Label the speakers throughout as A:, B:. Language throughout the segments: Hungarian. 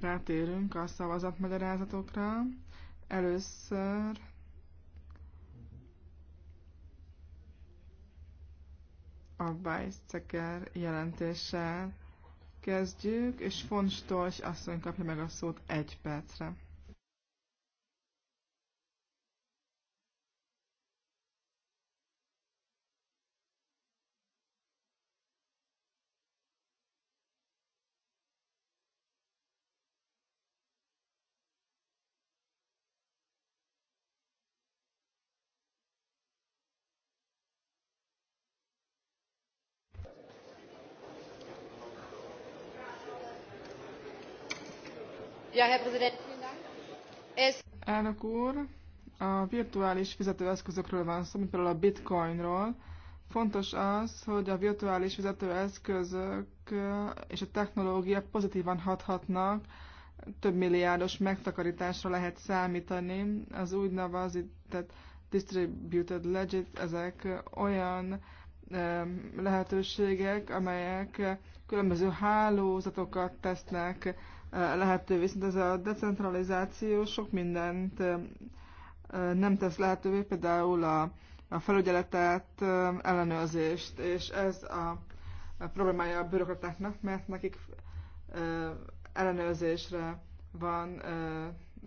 A: rátérünk a szavazatmagyarázatokra. Először a Weizsäcker jelentéssel kezdjük, és Fonstorch asszony kapja meg a szót egy percre. Elnök úr, a virtuális fizetőeszközökről van szó, mint például a bitcoinról. Fontos az, hogy a virtuális fizetőeszközök eh, és a technológia pozitívan hathatnak, több milliárdos megtakarításra lehet számítani. Az úgynevezett distributed ledger ezek olyan eh, lehetőségek, amelyek különböző hálózatokat tesznek lehetővé, viszont ez a decentralizáció sok mindent nem tesz lehetővé, például a, a felügyeletet, ellenőrzést, és ez a, a problémája a bürokratáknak, mert nekik ellenőrzésre van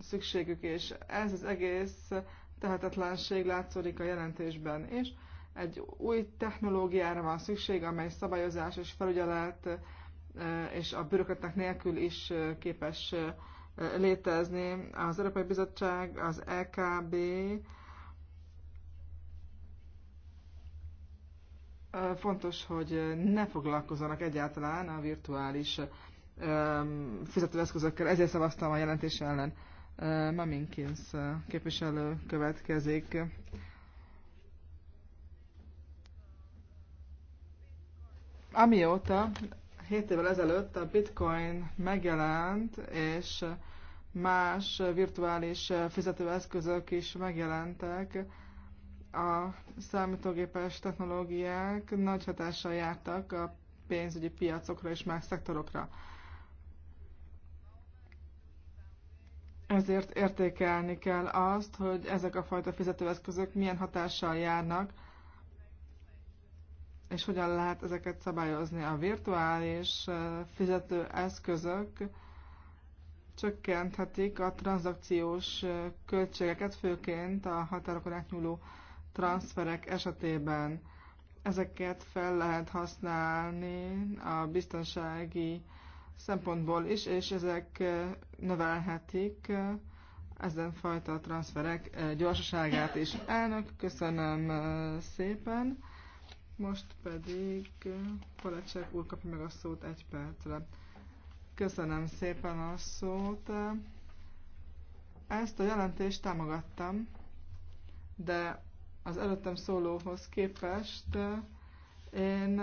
A: szükségük, és ez az egész tehetetlenség látszódik a jelentésben is. Egy új technológiára van szükség, amely szabályozás és felügyelet Eh, és a bürokraták nélkül is eh, képes eh, létezni. Az Európai Bizottság, az EKB fontos, hogy ne foglalkozzanak egyáltalán a virtuális fizetőeszközökkel, ezért szavaztam a jelentés ellen. Maminkins képviselő következik. Amióta 7 évvel ezelőtt a bitcoin megjelent, és más virtuális fizetőeszközök is megjelentek. A számítógépes technológiák nagy hatással jártak a pénzügyi piacokra és más szektorokra. Ezért értékelni kell azt, hogy ezek a fajta fizetőeszközök milyen hatással járnak és hogyan lehet ezeket szabályozni. A virtuális fizető eszközök csökkenthetik a tranzakciós költségeket, főként a határokon átnyúló transferek esetében. Ezeket fel lehet használni a biztonsági szempontból is, és ezek növelhetik ezen fajta transferek gyorsaságát is. Elnök, köszönöm szépen! Most pedig Palacsek úr kapja meg a szót egy percre. Köszönöm szépen a szót. Ezt a jelentést támogattam, de az előttem szólóhoz képest én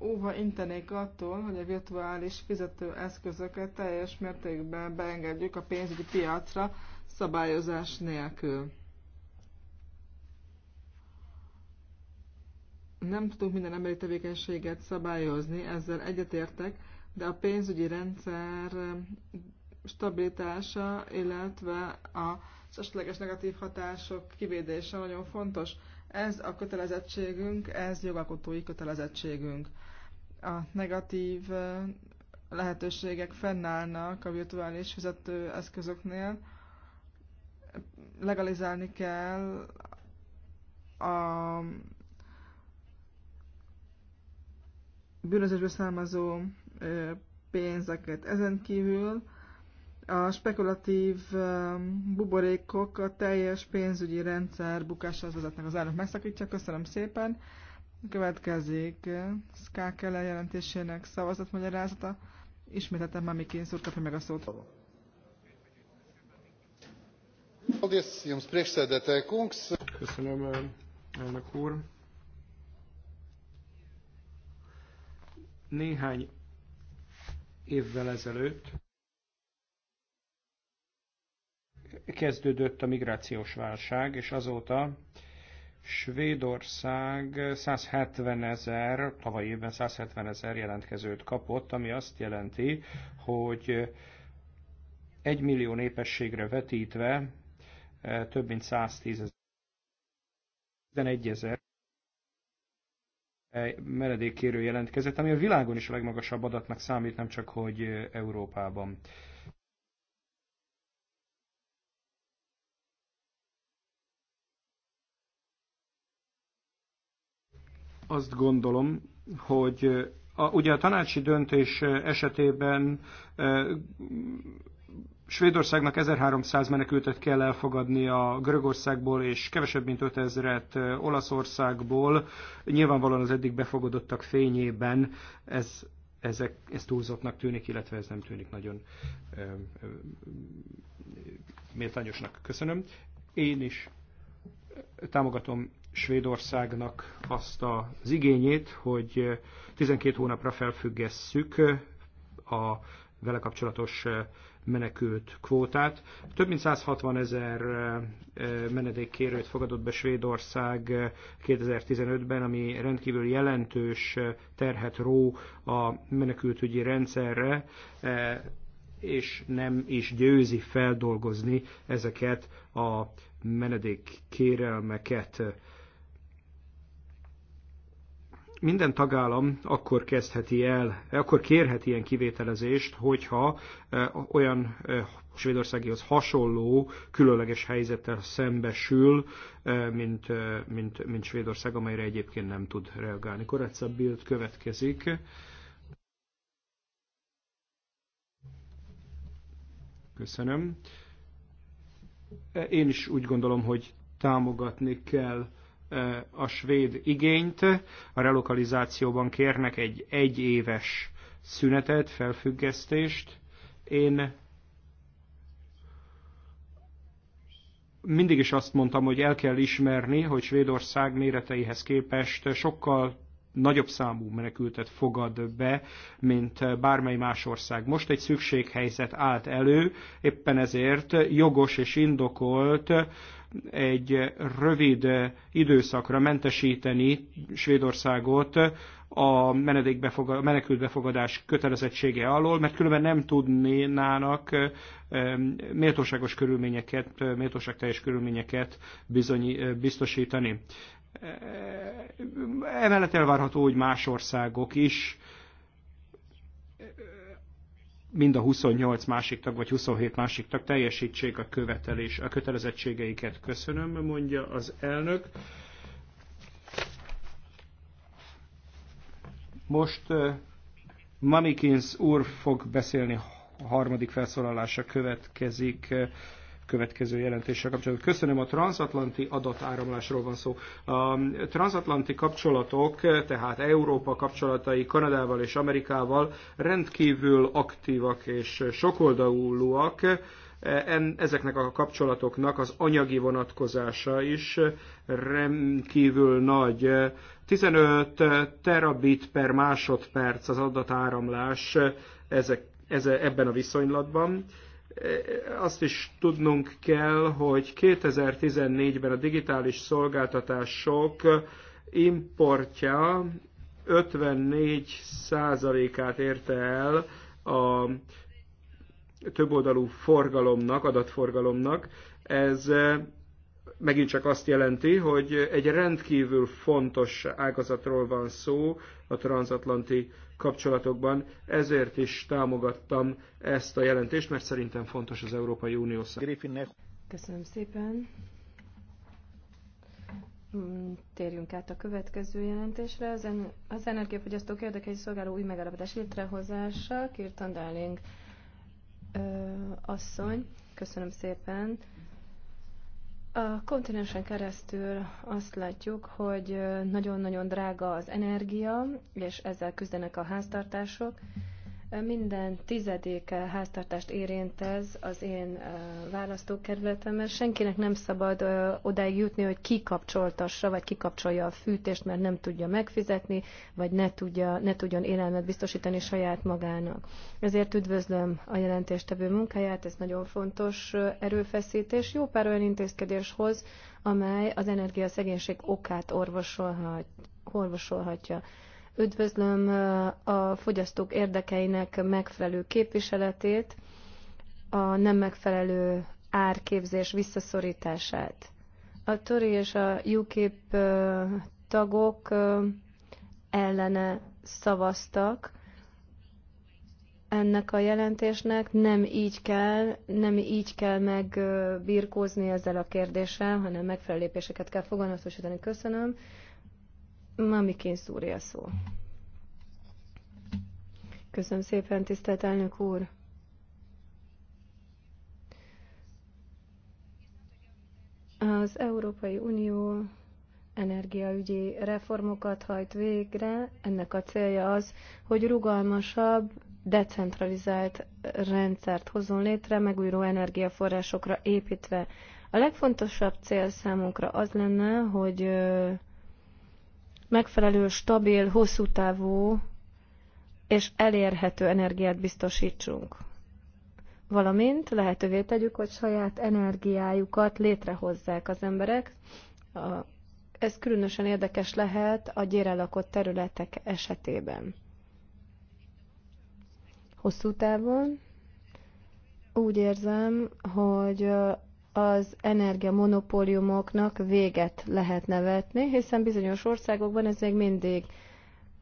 A: óva intenék attól, hogy a virtuális eszközöket teljes mértékben beengedjük a pénzügyi piacra szabályozás nélkül. nem tudunk minden emberi tevékenységet szabályozni, ezzel egyetértek, de a pénzügyi rendszer um, stabilitása, illetve az esetleges negatív hatások kivédése nagyon fontos. Ez a kötelezettségünk, ez jogalkotói kötelezettségünk. A negatív uh, lehetőségek fennállnak a virtuális eszközöknél. Legalizálni kell a bűnözésből származó pénzeket. Ezen kívül a spekulatív buborékok a teljes pénzügyi rendszer az vezetnek. Az állat megszakítja. Köszönöm szépen. Következik Skákele jelentésének szavazatmagyarázata. Ismételtem már Mikén szót kapja meg a szót.
B: Köszönöm, elnök úr. Néhány évvel ezelőtt kezdődött a migrációs válság, és azóta Svédország 170 ezer, tavaly évben 170 ezer jelentkezőt kapott, ami azt jelenti, hogy egy millió népességre vetítve eh, több mint 110 ezer, 11 ezer meredékkérő jelentkezett, ami a világon is a legmagasabb adatnak számít, nem csak hogy Európában. Azt gondolom, hogy a, ugye a tanácsi döntés esetében Svédországnak 1300 menekültet kell elfogadni a Görögországból, és kevesebb mint 5000-et Olaszországból. Nyilvánvalóan az eddig befogadottak fényében ez, ezek, ez túlzottnak tűnik, illetve ez nem tűnik nagyon ö, ö, méltányosnak. Köszönöm. Én is támogatom Svédországnak azt az igényét, hogy 12 hónapra felfüggesszük a vele kapcsolatos menekült kvótát. Több mint 160 ezer menedékkérőt fogadott be Svédország 2015-ben, ami rendkívül jelentős terhet ró a menekültügyi rendszerre, és nem is győzi feldolgozni ezeket a menedékkérelmeket minden tagállam akkor kezdheti el, akkor kérhet ilyen kivételezést, hogyha e, olyan e, Svédországihoz hasonló különleges helyzettel szembesül, e, mint, mint, mint Svédország, amelyre egyébként nem tud reagálni. Koretsza Bild következik. Köszönöm. Én is úgy gondolom, hogy támogatni kell a svéd igényt. A relokalizációban kérnek egy egyéves szünetet, felfüggesztést. Én mindig is azt mondtam, hogy el kell ismerni, hogy Svédország méreteihez képest sokkal nagyobb számú menekültet fogad be, mint bármely más ország. Most egy szükséghelyzet állt elő, éppen ezért jogos és indokolt egy rövid időszakra mentesíteni Svédországot a a menekültbefogadás kötelezettsége alól, mert különben nem tudnának méltóságos körülményeket, méltóságteljes körülményeket bizony, biztosítani. Emellett elvárható, hogy más országok is mind a 28 másik tag, vagy 27 másik tag teljesítsék a követelés, a kötelezettségeiket. Köszönöm, mondja az elnök. Most Mamikins úr fog beszélni, a harmadik felszólalása következik következő jelentéssel kapcsolatban. Köszönöm, a transatlanti adatáramlásról van szó. A transatlanti kapcsolatok, tehát Európa kapcsolatai Kanadával és Amerikával rendkívül aktívak és sokoldalúak. Ezeknek a kapcsolatoknak az anyagi vonatkozása is rendkívül nagy. 15 terabit per másodperc az adatáramlás ezek, ez, ebben a viszonylatban azt is tudnunk kell, hogy 2014-ben a digitális szolgáltatások importja 54%-át érte el a többoldalú forgalomnak, adatforgalomnak. Ez megint csak azt jelenti, hogy egy rendkívül fontos ágazatról van szó a transatlanti kapcsolatokban, ezért is támogattam ezt a jelentést, mert szerintem fontos az Európai Unió számára.
C: Köszönöm szépen. Mm, térjünk át a következő jelentésre. Az, en- az energiafogyasztók érdekei szolgáló új megállapodás létrehozása, Kirtan Darling asszony. Köszönöm szépen. A kontinensen keresztül azt látjuk, hogy nagyon-nagyon drága az energia, és ezzel küzdenek a háztartások. Minden tizedik háztartást érint ez az én választókerületem, mert senkinek nem szabad odáig jutni, hogy kikapcsoltassa, vagy kikapcsolja a fűtést, mert nem tudja megfizetni, vagy ne, tudja, ne tudjon élelmet biztosítani saját magának. Ezért üdvözlöm a jelentéstevő munkáját, ez nagyon fontos erőfeszítés. Jó pár olyan intézkedés hoz, amely az energiaszegénység okát orvosolhat, orvosolhatja. Üdvözlöm a fogyasztók érdekeinek megfelelő képviseletét, a nem megfelelő árképzés visszaszorítását. A Tori és a UKIP tagok ellene szavaztak ennek a jelentésnek. Nem így kell, nem így kell megbirkózni ezzel a kérdéssel, hanem megfelelő lépéseket kell foganatosítani. Köszönöm. Mamikén szúrja szó. Köszönöm szépen, tisztelt elnök úr! Az Európai Unió energiaügyi reformokat hajt végre. Ennek a célja az, hogy rugalmasabb, decentralizált rendszert hozzon létre, megújuló energiaforrásokra építve. A legfontosabb cél számunkra az lenne, hogy megfelelő, stabil, hosszú távú és elérhető energiát biztosítsunk. Valamint lehetővé tegyük, hogy saját energiájukat létrehozzák az emberek. Ez különösen érdekes lehet a gyére lakott területek esetében. Hosszú távon úgy érzem, hogy az energiamonopóliumoknak véget lehetne vetni, hiszen bizonyos országokban ez még mindig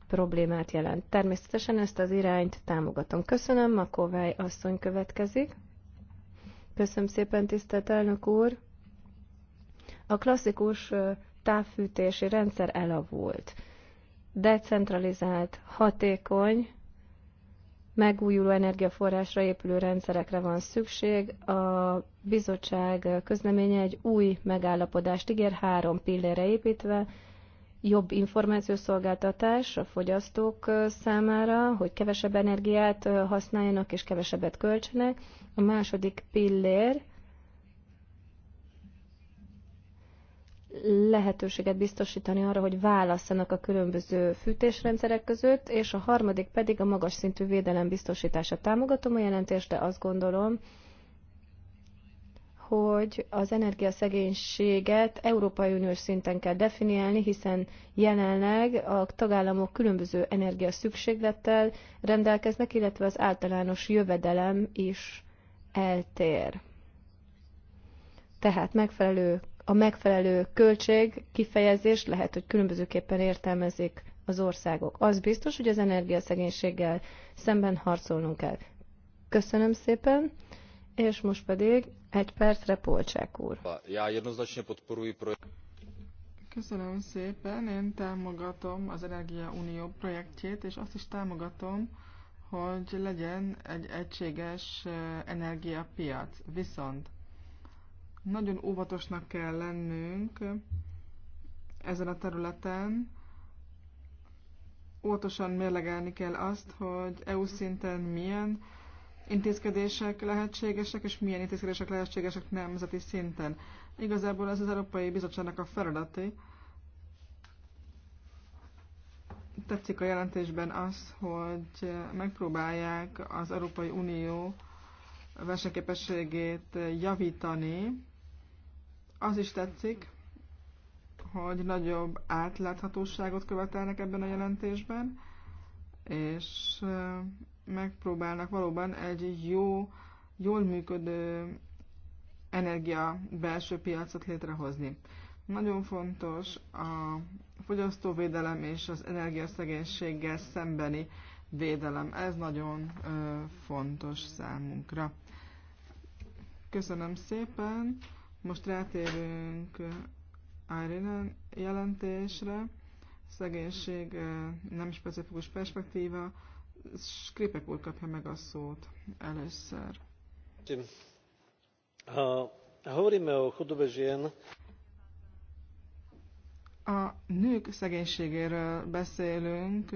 C: problémát jelent. Természetesen ezt az irányt támogatom. Köszönöm, Makovály asszony következik. Köszönöm szépen, tisztelt elnök úr. A klasszikus távfűtési rendszer elavult. Decentralizált, hatékony, megújuló energiaforrásra épülő rendszerekre van szükség. A bizottság közleménye egy új megállapodást ígér, három pillére építve, jobb információszolgáltatás a fogyasztók számára, hogy kevesebb energiát használjanak és kevesebbet költsenek. A második pillér lehetőséget biztosítani arra, hogy válasszanak a különböző fűtésrendszerek között, és a harmadik pedig a magas szintű védelem biztosítása. Támogatom a jelentést, de azt gondolom, hogy az energiaszegénységet Európai Uniós szinten kell definiálni, hiszen jelenleg a tagállamok különböző energia szükséglettel rendelkeznek, illetve az általános jövedelem is eltér. Tehát megfelelő a megfelelő költség kifejezést lehet, hogy különbözőképpen értelmezik az országok. Az biztos, hogy az energiaszegénységgel szemben harcolnunk kell. Köszönöm szépen, és most pedig egy percre Polcsák úr.
A: Köszönöm szépen, én támogatom az Energia Unió projektjét, és azt is támogatom, hogy legyen egy egységes eh, energiapiac. Viszont nagyon óvatosnak kell lennünk ezen a területen. Óvatosan mérlegelni kell azt, hogy EU szinten milyen intézkedések lehetségesek, és milyen intézkedések lehetségesek nemzeti szinten. Igazából ez az Európai Bizottságnak a feladati. Tetszik a jelentésben az, hogy megpróbálják az Európai Unió versenyképességét javítani, az is tetszik, hogy nagyobb átláthatóságot követelnek ebben a jelentésben, és megpróbálnak valóban egy jó, jól működő energia belső piacot létrehozni. Nagyon fontos a fogyasztóvédelem és az energiaszegénységgel szembeni védelem. Ez nagyon ö, fontos számunkra. Köszönöm szépen! Most rátérünk uh, Irina jelentésre, szegénység uh, nem specifikus perspektíva, Skripek úr kapja meg a szót először. a nők szegénységéről beszélünk,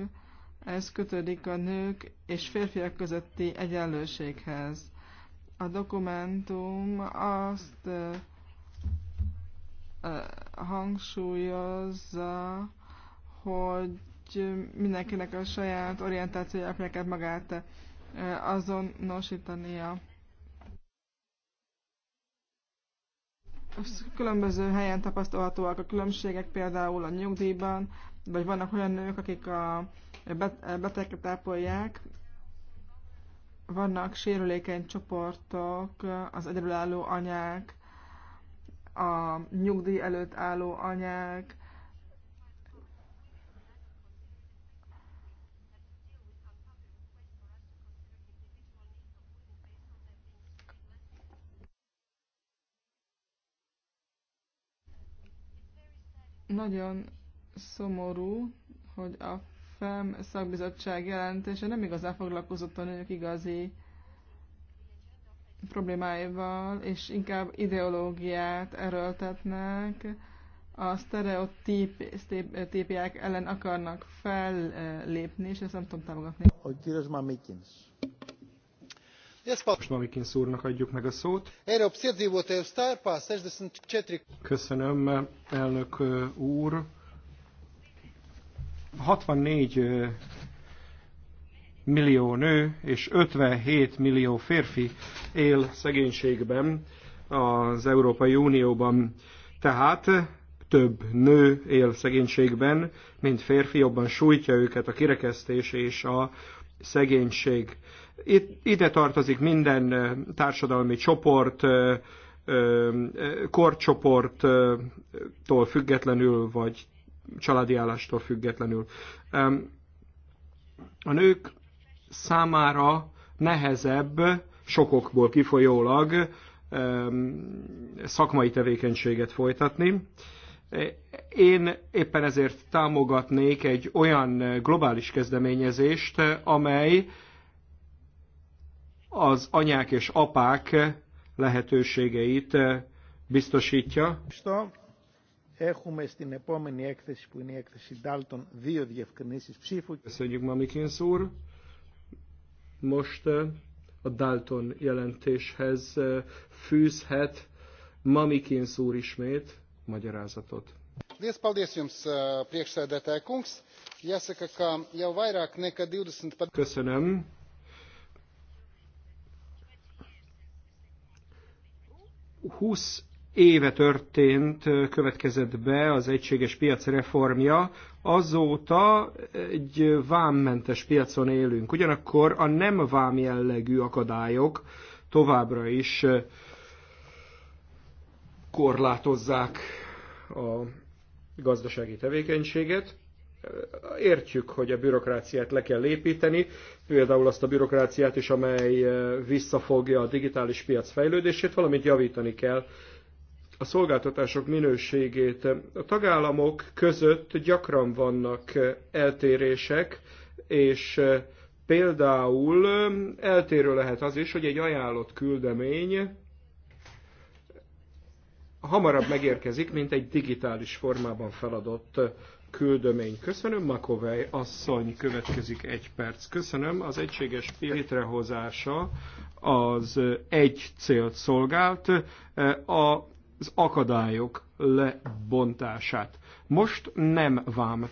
A: ez kötődik a nők és férfiak közötti egyenlőséghez. A dokumentum azt uh, hangsúlyozza, hogy mindenkinek a saját orientációja kell magát azonosítania. Különböző helyen tapasztalhatóak a különbségek, például a nyugdíjban, vagy vannak olyan nők, akik a betegeket tápolják, vannak sérülékeny csoportok, az egyedülálló anyák, a nyugdíj előtt álló anyák, Nagyon szomorú, hogy a FEM szakbizottság jelentése nem igazán foglalkozott a nők igazi problémáival, és inkább ideológiát erőltetnek, a sztereotípiák ellen akarnak fellépni, és ezt nem tudom támogatni. Hogy tilos már
B: Most Mamikins úrnak adjuk meg a szót. Köszönöm, elnök úr. 64 millió nő és 57 millió férfi él szegénységben az Európai Unióban. Tehát több nő él szegénységben, mint férfi, jobban sújtja őket a kirekesztés és a szegénység. Itt, ide tartozik minden társadalmi csoport, korcsoporttól függetlenül, vagy családi állástól függetlenül. A nők számára nehezebb sokokból kifolyólag szakmai tevékenységet folytatni. Én éppen ezért támogatnék egy olyan globális kezdeményezést, amely az anyák és apák lehetőségeit biztosítja. Έχουμε στην επόμενη έκθεση που είναι η έκθεση Dalton δύο διευκρινήσεις ψήφου. Köszönjük Mamikins úr most eh, a Dalton jelentéshez eh, fűzhet Mamikins úr ismét magyarázatot. Liels paldies jums, eh, priekšsēdētāja kungs. Jāsaka, ka jau vairāk nekā 20... Köszönöm. Húsz éve történt, következett be az egységes piac reformja, azóta egy vámmentes piacon élünk. Ugyanakkor a nem vám jellegű akadályok továbbra is korlátozzák a gazdasági tevékenységet. Értjük, hogy a bürokráciát le kell építeni, például azt a bürokráciát is, amely visszafogja a digitális piac fejlődését, valamint javítani kell a szolgáltatások minőségét. A tagállamok között gyakran vannak eh, eltérések, és eh, például eh, eltérő lehet az is, hogy egy ajánlott küldemény hamarabb megérkezik, mint egy digitális formában feladott küldemény. Köszönöm, Makovej asszony, következik egy perc. Köszönöm, az egységes létrehozása az egy célt szolgált, a az akadályok lebontását. Most nem vám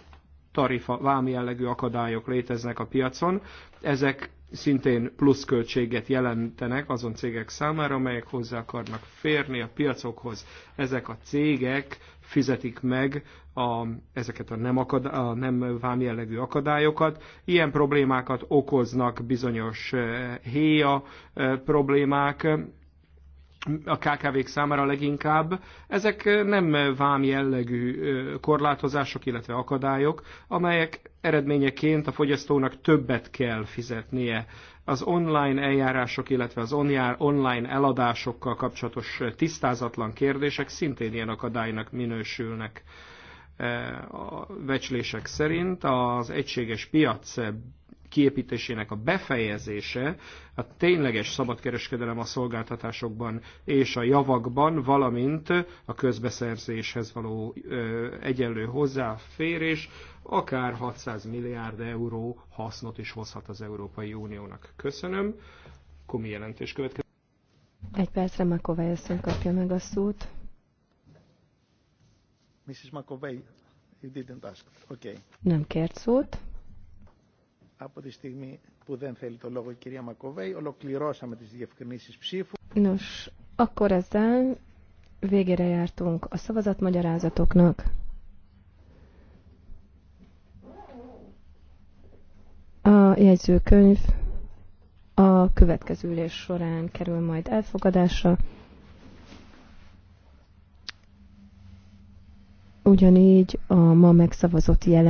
B: tarifa, vám jellegű akadályok léteznek a piacon, ezek szintén pluszköltséget jelentenek azon cégek számára, amelyek hozzá akarnak férni a piacokhoz. Ezek a cégek fizetik meg a, ezeket a nem, akadály, a nem vámjellegű akadályokat. Ilyen problémákat okoznak bizonyos eh, héja eh, problémák, a KKV-k számára leginkább. Ezek nem vám jellegű korlátozások, illetve akadályok, amelyek eredményeként a fogyasztónak többet kell fizetnie. Az online eljárások, illetve az online eladásokkal kapcsolatos tisztázatlan kérdések szintén ilyen akadálynak minősülnek a vecslések szerint az egységes piac kiépítésének a befejezése, a tényleges szabadkereskedelem a szolgáltatásokban és a javakban, valamint a közbeszerzéshez való egyenlő hozzáférés, akár 600 milliárd euró hasznot is hozhat az Európai Uniónak. Köszönöm. Komi jelentés következik.
C: Egy percre Makovej összön kapja meg a szót.
B: Mrs. McAvey, you didn't ask. Okay.
C: Nem kért szót
B: από τη στιγμή που δεν θέλει το λόγο η κυρία Μακοβέη, ολοκληρώσαμε τις διευκρινήσεις ψήφου.
C: Nos, akkor ezzel végére jártunk a szavazatmagyarázatoknak. A jegyzőkönyv a következő ülés során kerül majd elfogadásra. Ugyanígy a ma megszavazott jelen